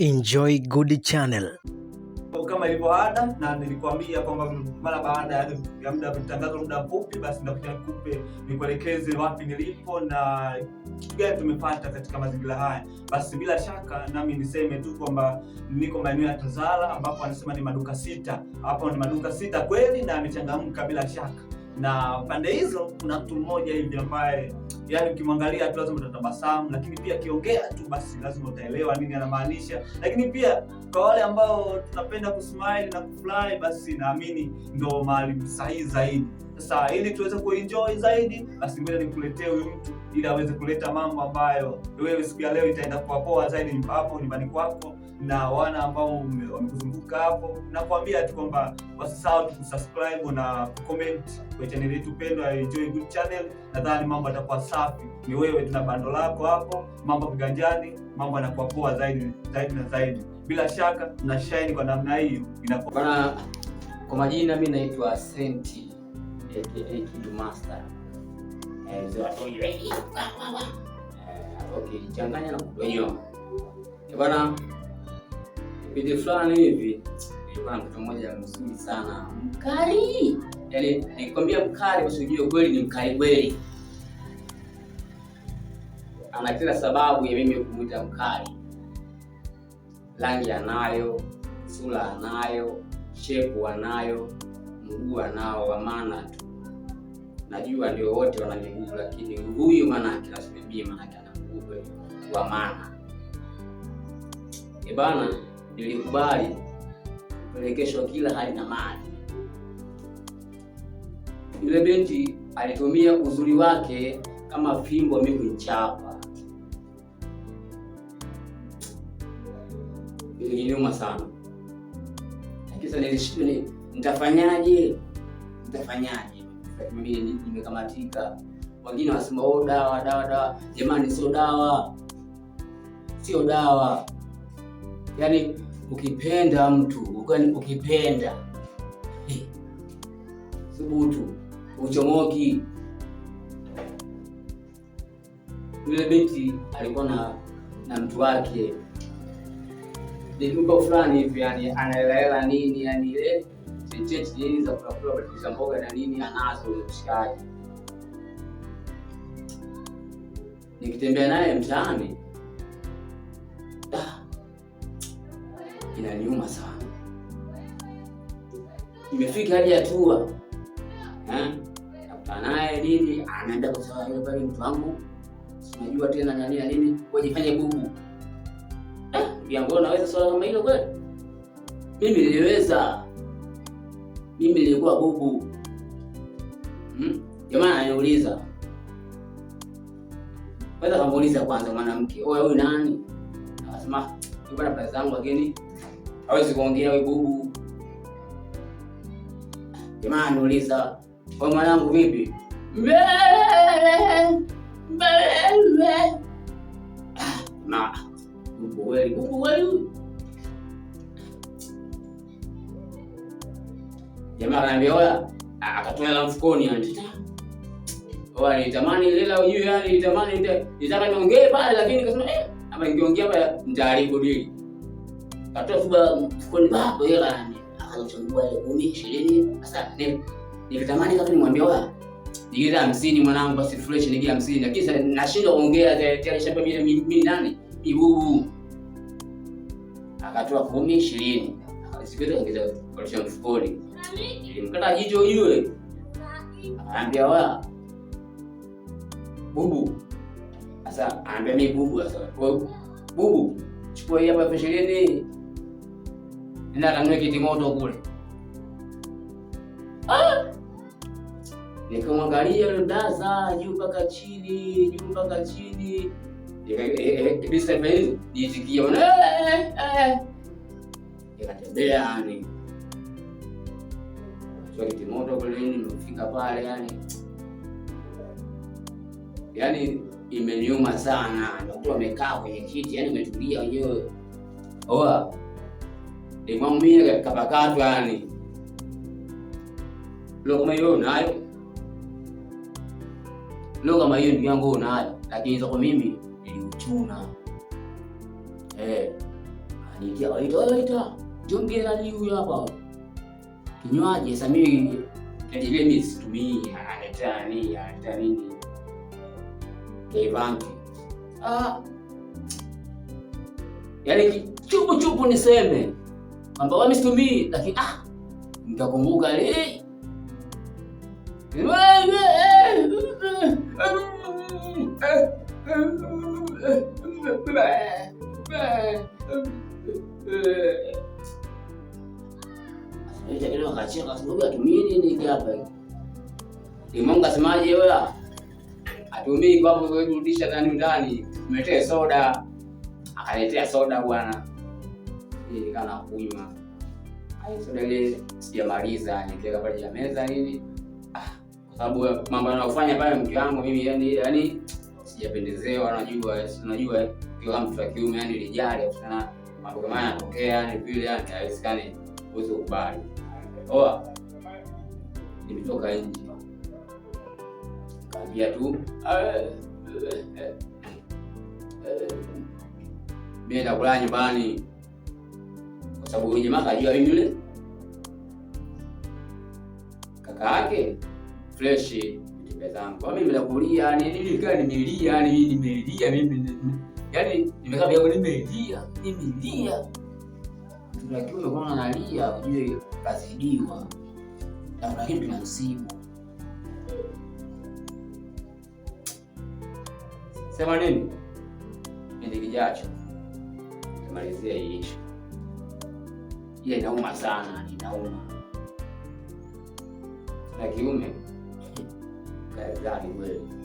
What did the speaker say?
Enjoy Good Channel. Kama ilivyo ada, na nilikwambia kwamba mara baada ya muda mtangazo muda mfupi, basi ndakuja kupe nikuelekeze wapi nilipo na kitu gani tumepata katika mazingira haya. Basi bila shaka nami niseme tu kwamba niko maeneo ya Tazara ambapo anasema ni maduka sita. Hapo ni maduka sita kweli, na amechangamka bila shaka na pande hizo kuna mtu mmoja hivi ambaye yani ukimwangalia tu lazima utatabasamu, lakini pia akiongea tu basi lazima utaelewa nini anamaanisha. Lakini pia kwa wale ambao tunapenda kusmile na kufurahi, basi naamini ndo mahali sahihi zaidi. Sasa ili tuweze kuenjoy zaidi, basi ngoja nikuletee huyu mtu ili aweze kuleta mambo ambayo wewe siku ya leo itaenda kuwa poa zaidi hapo nyumbani kwako na wana ambao wamekuzunguka hapo, nakwambia tu kwamba wasisahau tu kusubscribe na comment kwa channel yetu pendwa ya Enjoy Good Channel. Nadhani mambo yatakuwa safi, ni wewe tuna bando lako hapo, mambo kiganjani, mambo yanakuwa poa zaidi zaidi na zaidi. Bila shaka na shine kwa namna hiyo inakuwa bana. Kwa majina mimi naitwa Senti aka Kid Master eh, eh, okay, changanya na kutonyoa eh, bana kipindi fulani hivi nilikuwa na mtoto mmoja mzuri sana mkali, yaani nikwambia mkali, kwa sababu kweli ni mkali kweli. Ana kila sababu ya mimi kumwita mkali, rangi anayo, sura anayo, shepu anayo, mguu anao wa maana tu. Najua ndio wote wana miguu, lakini huyu maanake nasubibii, maanake ana mguu wa maana. Ebana, bana nilikubali kupelekeshwa kila hali na mali. Yule binti alitumia uzuri wake kama fimbo mimi kuichapa. Nilinyuma sana. Kisa nilishindwa nitafanyaje? Nitafanyaje? nimekamatika. Wengine wanasema oh, dawa dawa dawa. Jamani, sio dawa, sio dawa yani ukipenda mtu ukipenda eh. subutu uchomoki. Yule binti alikuwa na na mtu wake diumba fulani hivi, yani anaelaela nini, yani ile checheti nini za kulakula badilisha mboga na nini anazo ile mshikaji. Nikitembea naye mtaani inaniuma sana. Imefika hadi hatua naye nini anaenda kwa mtu wangu unajua tena nani nini, wajifanye bubu yango. Naweza swala kama hilo kweli? Mimi niliweza, mimi nilikuwa bubu hmm? jamaa. Hmm? Ananiuliza kwanza, kamuuliza kwanza mwanamke, wewe huyu nani? Akasema yule bwana zangu lakini hawezi kuongea wewe bubu. Jamaa anauliza kwa mwanangu vipi? Jamaa anaambia oya, akatoa la mfukoni yani. Ola nitamani lela ujue yani nitamani nitaka niongee pale lakini kasema eh, ama ningeongea pale nitaharibu dili katoa fuba mfukoni bako hela yani, akachagua ile 10 20. Sasa nilitamani kama nimwambia wa nigila hamsini mwanangu, basi fresh nigila hamsini, lakini nashinda kuongea tayari shamba mimi mimi nani ibubu. Akatoa 10 20 akasikiliza ongeza kwa mfukoni, nilimkata jicho yule, akaambia wa bubu. Sasa anambia mimi bubu, sasa bubu, chukua hapa ishirini Nenda kanunue moto kule. Ah! Nikamwangalia yule dada juu mpaka chini, juu mpaka chini. Nikabisa eh, eh, eh, hivi, nijikia bwana. Eh eh. Nikatembea yani. kiti moto kule nini nimefika pale yani. Yaani imeniuma sana. Nakuwa amekaa kwenye kiti, yani umetulia wenyewe. Oa imwamwire kapakatwani lokama iyo unayo lokama iyo ndugu unayo, lakini zako mimi niliuchuna eh, anitia waita waita jongera liu kinywaji samii mimi situmii, analeta nini analeta kaivanki ah, yaani chupu chupu niseme namba wani situmii, lakini ah, nikakumbuka lini Mungu asemaje? Wewe atumii kwa kurudisha ndani ndani, umetea soda, akaletea soda bwana nikawa nakunywa soda ile, sijamaliza nikiweka pale ya meza nini, ah, kwa sababu mambo anayofanya pale mke wangu mimi, yani yani sijapendezewa. Najua najua kila mtu wa kiume yani lijali sana mambo kama yanatokea yani vile, yani haiwezekani uweze kubali. Oa nimetoka nje, kaambia tu eh, eh, eh, mimi nakula nyumbani kwa sababu huyu jamaa kajua mimi yule kaka yake fresh mtipe zangu Kwa mimi nilikulia, kulia, yani nini nikaa nimelia, yani mimi nimelia, mimi yani nimekaa bila nimelia, nimelia lakini umekuwa analia, ujue kazidiwa na kuna kitu kina msibu. Sema nini? Ndio kijacho. Tumalizia hii issue ile inauma sana, inauma na kiume kazani kweli